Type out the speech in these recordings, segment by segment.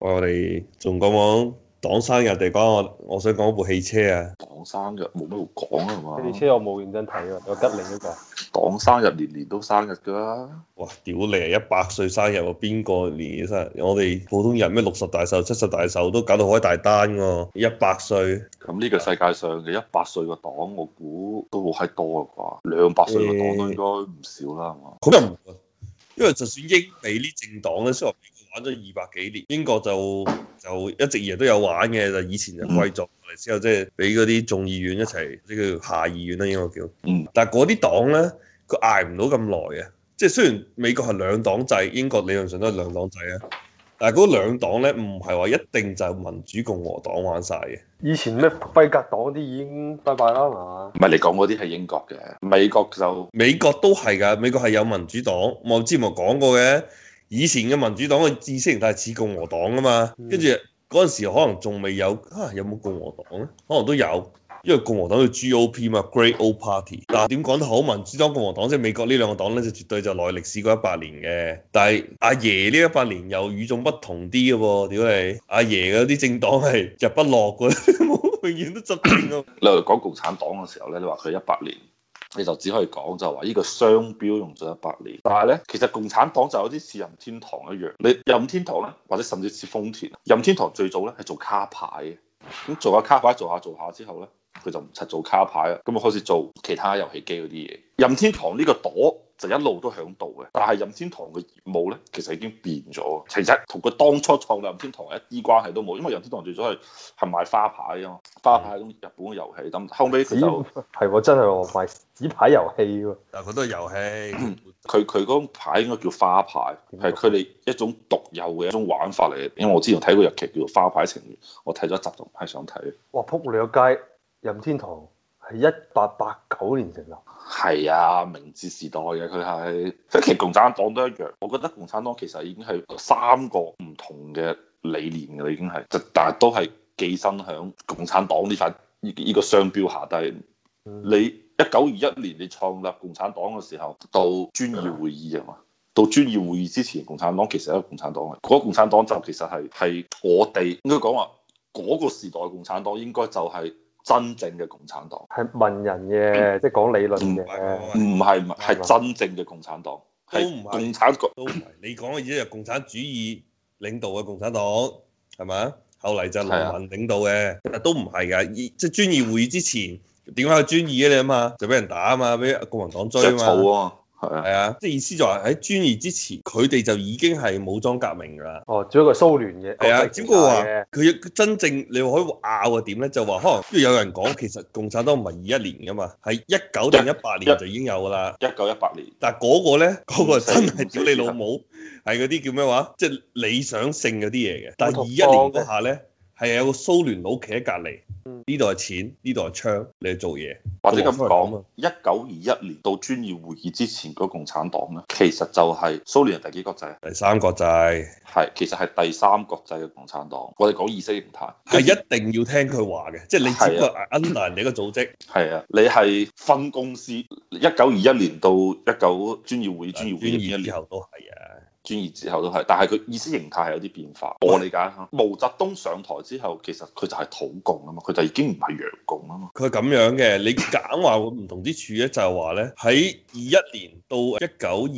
我哋仲講講黨生日定關我，我想講部汽車啊。黨生日冇乜好講啊，係嘛？汽車我冇認真睇啊，有吉另一個。黨生日年年都生日噶啦、啊。哇！屌你啊！一百歲生日啊，邊個年年生日？我哋普通人咩六十大壽、七十大壽都搞到開大單喎。一百歲咁呢個世界上嘅一百歲個黨，我估都好閪多嘅啩。兩百歲個黨都應該唔少啦，係嘛、欸？咁又唔會，因為就算英美啲政黨咧，雖然玩咗二百幾年，英國就就一直以來都有玩嘅，就以前就貴族嚟之後，即係俾嗰啲眾議院一齊，即係叫下議院啦，英國叫。嗯。但係嗰啲黨咧，佢挨唔到咁耐嘅，即係雖然美國係兩黨制，英國理論上都係兩黨制啊。但係嗰兩黨咧，唔係話一定就民主共和黨玩晒嘅。以前咧，輝格黨啲已經拜拜啦嘛。唔係你講嗰啲係英國嘅，美國就美國都係㗎，美國係有民主黨，我之前咪講過嘅。以前嘅民主黨嘅知識型態似共和黨啊嘛，跟住嗰陣時可能仲未有嚇、啊，有冇共和黨咧？可能都有，因為共和黨叫 G O P 嘛，Great Old Party。嗱，點講都好，民主黨、共和黨即係美國呢兩個黨咧，就絕對就來歷史嗰一百年嘅。但係阿爺呢一百年又與眾不同啲嘅喎，屌你！阿爺嗰啲政黨係日不落嘅，永 遠都執政。例如講共產黨嘅時候咧，你話佢一百年。你就只可以講就話呢個商標用咗一百年，但係呢，其實共產黨就有啲似任天堂一樣，你任天堂呢，或者甚至似豐田，任天堂最早呢係做卡牌嘅，咁做下卡牌，做下做下之後呢。佢就唔柒做卡牌啦，咁啊開始做其他遊戲機嗰啲嘢。任天堂呢個朵就一路都響度嘅，但係任天堂嘅業務咧，其實已經變咗，其實同佢當初創立任天堂一啲關係都冇，因為任天堂最早係係賣花牌啊嘛，花牌嗰種日本嘅遊戲。咁的後尾佢又，係我真係我賣紙牌遊戲喎，但係嗰都係遊戲。佢佢嗰種牌應該叫花牌，係佢哋一種獨有嘅一種玩法嚟。因為我之前睇過日劇叫做《花牌情緣》，我睇咗一集就唔係想睇。哇！撲你個街！任天堂係一八八九年成立，係啊，啊，明治時代嘅佢係，即其實共產黨都一樣。我覺得共產黨其實已經係三個唔同嘅理念嘅啦，已經係，但係都係寄生喺共產黨呢塊呢依、這個商標下低。你一九二一年你創立共產黨嘅時候，到遵義會議是是啊嘛，啊，到遵義會議之前，共產黨其實係一個共產黨，嗰，那個共產黨就其實係係我哋應該講話嗰個時代共產黨應該就係，是。真正嘅共產黨係文人嘅，即係講理論嘅，唔係係真正嘅共產黨。係共產國，都唔係你講嘅意思係共產主義領導嘅共產黨，係咪啊？後嚟就農民領導嘅，但都唔係嘅。即係遵義會議之前點解要遵義啊？你啊嘛，就俾人打啊嘛，俾國民黨追啊嘛。係啊，即係意思就係喺專二之前，佢哋就已經係武裝革命㗎啦。哦，仲有個蘇聯嘅。係啊，只不過話佢真正你可以拗嘅點咧，就話可能，因為有人講其實共產黨唔係二一年㗎嘛，係一九定一八年就已經有㗎啦。一九一八年。但係嗰個咧，嗰個真係屌你老母，係嗰啲叫咩話？即係理想性嗰啲嘢嘅。但係二一年嗰下咧，係有個蘇聯佬企喺隔籬。呢度係錢，呢度係槍，你去做嘢，或者咁講。一九二一年到遵義會議之前嗰個共產黨咧，其實就係蘇聯人第幾國際？第三國際係，其實係第三國際嘅共產黨。我哋講意識形態，係一定要聽佢話嘅，啊、即係你只不過隸屬人哋個組織。啊，你係分公司。一九二一年到一九遵義會、啊、遵義會議之後都係、啊。專業之後都係，但係佢意識形態係有啲變化。我理解下，毛澤東上台之後，其實佢就係土共啊嘛，佢就已經唔係洋共啊嘛。佢係咁樣嘅，你簡話佢唔同之處咧，就係話咧，喺二一年到一九二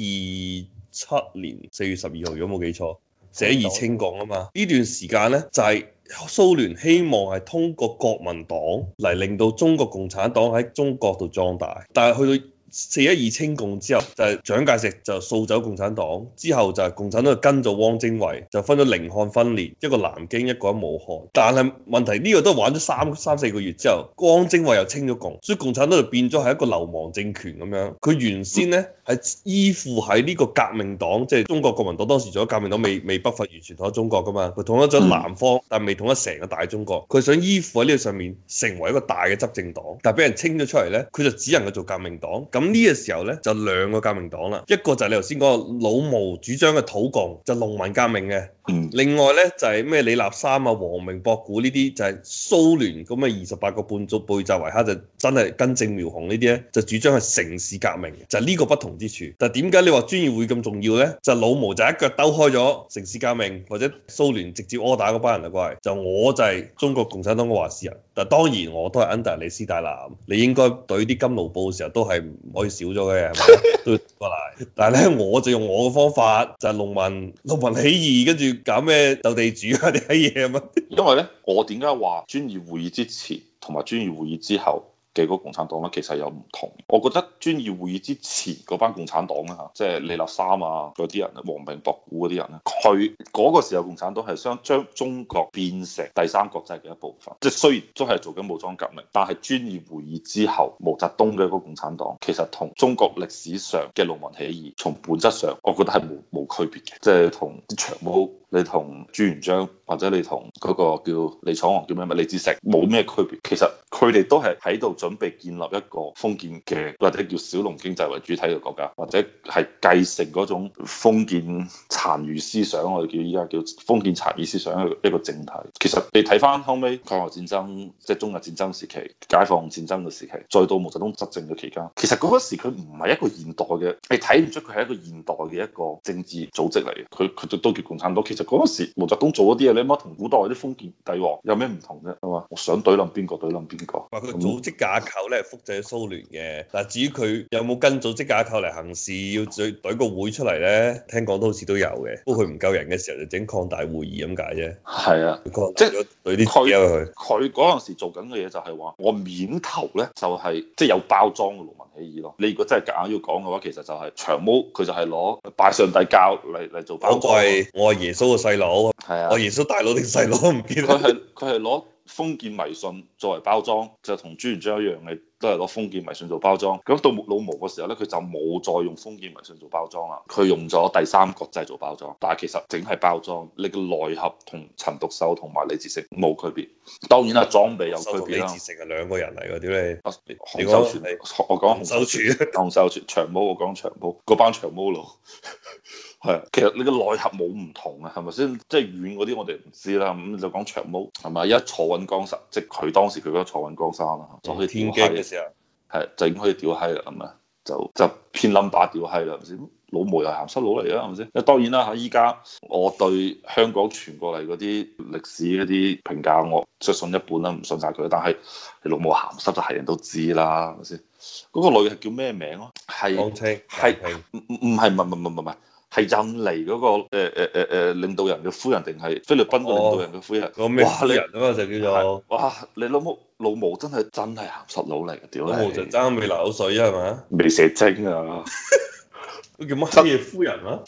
七年四月十二號，如果冇記錯，這二清國啊嘛，呢段時間咧就係、是、蘇聯希望係通過國民黨嚟令到中國共產黨喺中國度壯大，但係去到。四一二清共之後，就係蔣介石就掃走共產黨，之後就係共產黨就跟咗汪精衛，就分咗寧漢分裂，一個南京一個喺武漢。但係問題呢個都玩咗三三四個月之後，汪精衛又清咗共，所以共產黨就變咗係一個流亡政權咁樣。佢原先呢係依附喺呢個革命黨，即係中國國民黨當時仲有革命黨未未北伐完全統咗中國㗎嘛，佢統一咗南方，但未統一成個大中國。佢想依附喺呢個上面成為一個大嘅執政黨，但係俾人清咗出嚟呢，佢就只能夠做革命黨。咁呢個時候咧就兩個革命黨啦，一個就係你頭先講老毛主張嘅土共，就是、農民革命嘅；另外咧就係、是、咩李立三啊、王明博古呢啲，就係、是、蘇聯咁嘅二十八個半布爾什維克，就真係根正苗紅呢啲咧，就主張係城市革命，就呢、是、個不同之處。但係點解你話遵義會議咁重要咧？就是、老毛就一腳兜開咗城市革命或者蘇聯直接柯打嗰班人啊，怪就是、我就係中國共產黨嘅話事人。但係當然我都係 under 你斯大林，你應該對啲金盧布嘅時候都係。可以少咗嘅，係嘛？都得嚟。但係咧，我就用我嘅方法，就係農民、農民起義，跟住搞咩鬥地主啊啲閪嘢啊嘛。因為咧，我點解話遵義會議之前同埋遵義會議之後？嘅嗰個共產黨咧，其實有唔同。我覺得遵義會議之前嗰班共產黨咧嚇，即係李立三啊，嗰啲人，啊，王明博古嗰啲人咧，佢嗰個時候共產黨係想將中國變成第三國際嘅一部分。即係雖然都係做緊武裝革命，但係遵義會議之後，毛澤東嘅一個共產黨，其實同中國歷史上嘅農民起義，從本質上我覺得係冇冇區別嘅，即係同長毛，你同朱元璋或者你同嗰個叫李闖王叫咩物李自成，冇咩區別。其實佢哋都係喺度。準備建立一個封建嘅或者叫小農經濟為主體嘅國家，或者係繼承嗰種封建殘餘思想，我哋叫依家叫封建殘餘思想一個一個政體。其實你睇翻後尾抗日戰爭、即係中日戰爭時期、解放戰爭嘅時期，再到毛澤東執政嘅期間，其實嗰時佢唔係一個現代嘅，你睇唔出佢係一個現代嘅一個政治組織嚟嘅。佢佢都叫共產黨。其實嗰時毛澤東做嗰啲嘢，你乜同古代啲封建帝王有咩唔同啫？係嘛，我想懟冧邊個懟冧邊個。佢組織架構咧，係複製蘇聯嘅嗱，至於佢有冇跟組織架構嚟行事，要再懟個會出嚟咧，聽講都好似都有嘅，不過佢唔夠人嘅時候就整擴大會議咁解啫。係啊，擴大咗懟啲。佢佢嗰陣時做緊嘅嘢就係話，我面頭咧就係即係有包裝嘅農民起義咯。你如果真係夾硬要講嘅話，其實就係長毛，佢就係攞拜上帝教嚟嚟做包裝，啊。我係我係耶穌嘅細佬，係啊，我耶穌大佬定細佬唔記得。佢係佢係攞。封建迷信作為包裝，就同朱元璋一樣嘅，都係攞封建迷信做包裝。咁到老毛個時候咧，佢就冇再用封建迷信做包裝啦，佢用咗第三國際做包裝。但係其實整係包裝，你嘅內核同陳獨秀同埋李自成冇區別。當然啦，裝備有區別。李自成係兩個人嚟嗰啲咧。洪我講洪秀全， 洪秀全長毛，我講長毛嗰班長毛佬。 係，其實你個內核冇唔同嘅，係咪先？即係遠嗰啲我哋唔知啦，咁就講長毛係咪？一坐穩江山，即係佢當時佢覺得坐穩江山、嗯、啊，就去天京嘅時候，係就已經可以屌閪啦，咁啊就就偏冧把屌閪啦，係咪先？老毛又鹹濕佬嚟啊，係咪先？當然啦嚇，依家我對香港傳過嚟嗰啲歷史嗰啲評價，我即信一半啦，唔信晒佢。但係老母鹹濕就係人都知啦，係咪先？嗰、嗰個女嘅叫咩名啊？係，係唔唔唔係唔唔唔唔唔。係印尼嗰、那個誒誒誒誒領導人嘅夫人，定係菲律賓嘅領導人嘅夫人？個咩人啊嘛？就叫做哇！你老母老毛真係真係鹹濕佬嚟嘅，屌！老毛就爭未流口水係嘛？未射精啊！佢 叫乜嘢夫人啊？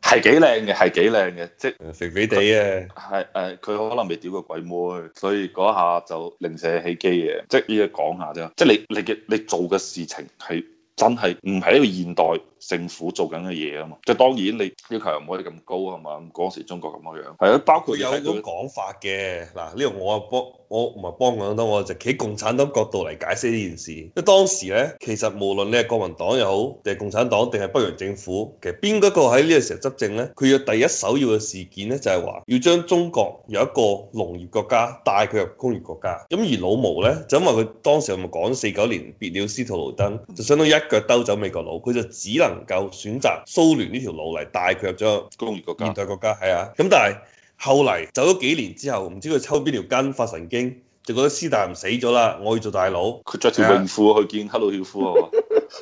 係 幾靚嘅，係幾靚嘅，即、就是、肥肥地嘅。係誒，佢可能未屌過，過鬼妹，所以嗰下就零舍起機嘅。即係而家講下啫，即、就、係、是、你、就是、你嘅你做嘅事情係。真係唔係一個現代政府做緊嘅嘢啊嘛，即係當然你要求又唔可以咁高係嘛，嗰時中國咁樣樣，係啊，包括有種講法嘅，嗱呢個我幫。我唔係幫我當我就企共產黨角度嚟解釋呢件事。因為當時咧，其實無論你係國民黨又好，定係共產黨，定係北洋政府，其實邊一個喺呢個時候執政咧？佢嘅第一首要嘅事件咧，就係、是、話要將中國由一個農業國家帶佢入工業國家。咁而老毛咧，就因為佢當時咪講四九年別了司徒雷登，就相當於一腳兜走美國佬，佢就只能夠選擇蘇聯呢條路嚟帶佢入咗工業國家現代國家。係啊，咁但係。後嚟走咗幾年之後，唔知佢抽邊條筋發神經，就覺得斯大林死咗啦，我要做大佬。佢着條泳褲去見赫魯曉夫啊！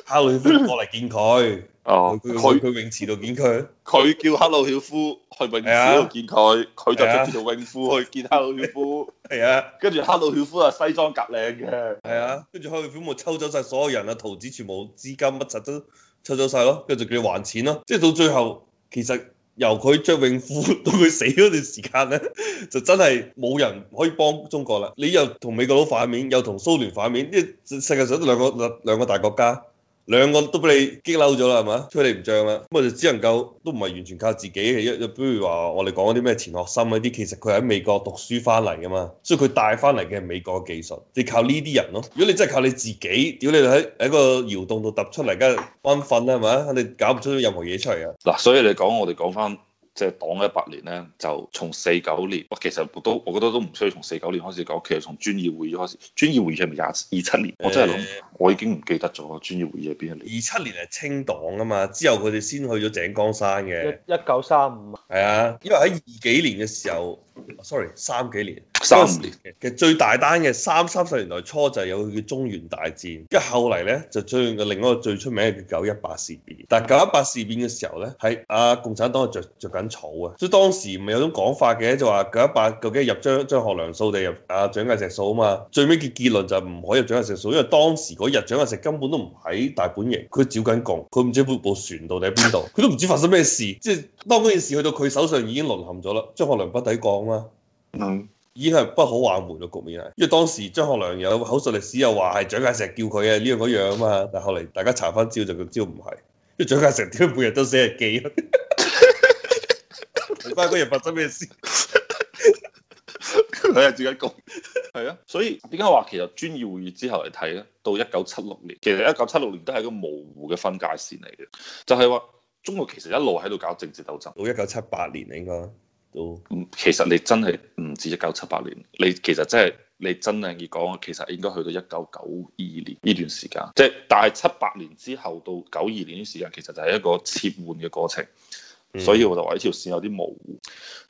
赫魯曉夫過嚟見佢。哦他，佢去佢泳池度見佢。佢叫赫魯曉夫去泳池度見佢，佢就着住泳褲去見赫魯曉夫。係是啊，跟住赫魯曉夫裝啊，西裝革領嘅。係啊，跟住赫魯曉夫咪抽走晒所有人啊，投資全部資金乜柒都抽走晒咯，跟住就叫你還錢咯，即係到最後其實。由佢著泳褲到佢死嗰段時間咧，就真係冇人可以幫中國啦。你又同美國佬反面，又同蘇聯反面，即係世界上都兩個兩兩個大國家。兩個都俾你激嬲咗啦，係咪啊？出嚟唔漲啦，咁就只能夠都唔係完全靠自己嘅，比如話我哋講嗰啲咩錢學森嗰啲，其實佢喺美國讀書翻嚟噶嘛，所以佢帶翻嚟嘅係美國技術，係靠呢啲人咯。如果你真係靠你自己，屌你喺喺個窰洞度揼出嚟，梗係安分啦，係咪啊？你搞唔出任何嘢出嚟啊！嗱，所以你講我哋講翻。即係黨一百年咧，就從四九年，其實我都我覺得都唔需要從四九年開始講，其實從遵義會議開始，遵義會議係咪廿二七年？我真係諗，我已經唔記得咗遵義會議係邊一年。二七年係清黨啊嘛，之後佢哋先去咗井岡山嘅。一九三五。係啊，因為喺二幾年嘅時候，sorry，三幾年。三十年。其實最大單嘅三三十年代初就有佢叫中原大戰，跟住後嚟咧就出現個另一個最出名嘅叫九一八事變。但係九一八事變嘅時候咧，係啊共產黨係着著緊。搵草啊！所以當時唔係有種講法嘅，就話九一八究竟入張張學良數定入啊蔣介石數啊嘛。最尾結結論就唔可以入蔣介石數，因為當時嗰日蔣介石根本都唔喺大本營，佢照緊共，佢唔知部部船到底喺邊度，佢 都唔知發生咩事。即係當嗰件事去到佢手上已經淪陷咗啦，張學良不抵降啦，嗯，已經係不好挽回嘅局面啊。因為當時張學良有口述歷史又話係蔣介石叫佢嘅呢樣嗰樣啊嘛，但後嚟大家查翻招就佢招唔係，因為蔣介石點解每日都寫日記？ 唔係嗰人發生咩事？佢係自己講。係啊，所以點解話其實遵義會議之後嚟睇咧，到一九七六年，其實一九七六年都係一個模糊嘅分界線嚟嘅，就係話中國其實一路喺度搞政治鬥爭。到一九七八年，應該都其實你真係唔止一九七八年，你其實真係你真係要講，其實應該去到一九九二年呢段時間。即係但係七八年之後到九二年呢段時間，其實就係一個切換嘅過程。所以我就話呢條線有啲模糊，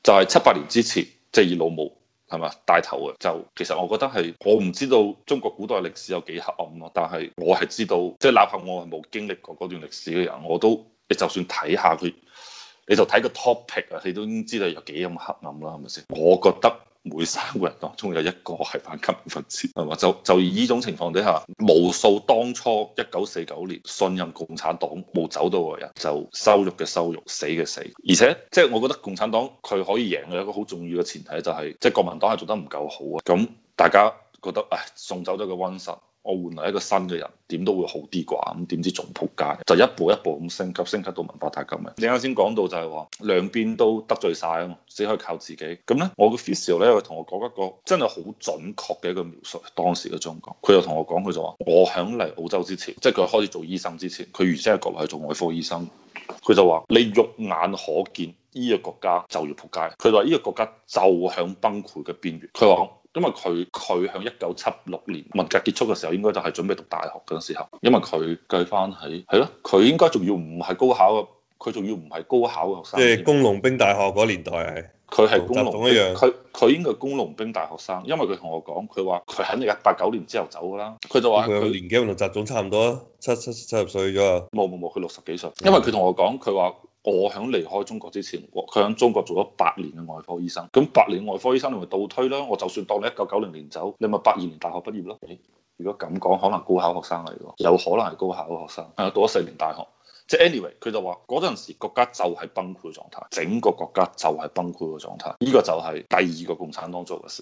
就係七八年之前，即係以老毛係嘛帶頭啊，就其實我覺得係我唔知道中國古代歷史有幾黑暗咯，但係我係知道，即係哪怕我係冇經歷過嗰段歷史嘅人，我都你就算睇下佢，你就睇個 topic 啊，你都已經知道有幾咁黑暗啦，係咪先？我覺得。每三個人當中有一個係反革命分子，係嘛？就就呢種情況底下，無數當初一九四九年信任共產黨冇走到嘅人，就羞辱嘅羞辱，死嘅死。而且即係、就是、我覺得共產黨佢可以贏嘅一個好重要嘅前提就係、是，即、就、係、是、國民黨係做得唔夠好啊。咁大家覺得唉，送走咗個瘟神。我換嚟一個新嘅人，點都會好啲啩？咁點知仲撲街？就一步一步咁升級，升級到文化大革命。你啱先講到就係話兩邊都得罪晒啊嘛，只可以靠自己。咁咧，我嘅 Fisher 咧，佢同我講一個真係好準確嘅一個描述當時嘅中國。佢就同我講，佢就話：我響嚟澳洲之前，即係佢開始做醫生之前，佢原先喺國內去做外科醫生。佢就話：你肉眼可見，呢個國家就要撲街。佢話：呢個國家就響崩潰嘅邊緣。佢話。因為佢佢向一九七六年文革結束嘅時候，應該就係準備讀大學嘅時候。因為佢計翻喺係咯，佢應該仲要唔係高考嘅，佢仲要唔係高考嘅學生。即係工農兵大學嗰年代，佢係工農兵，佢佢應該係工農兵大學生，因為佢同我講，佢話佢肯定係八九年之後走噶啦。佢就話佢年紀咪同習總差唔多，七七七十歲咋。冇冇冇，佢六十幾歲。因為佢同我講，佢話。我響離開中國之前，佢響中國做咗八年嘅外科醫生。咁八年外科醫生，你咪倒推啦。我就算當你一九九零年走，你咪八二年大學畢業咯。如果咁講，可能高考學生嚟喎，有可能係高考嘅學生。係啊，讀咗四年大學。即 anyway，佢就話嗰陣時國家就係崩潰狀態，整個國家就係崩潰嘅狀態。呢個就係第二個共產黨做嘅事。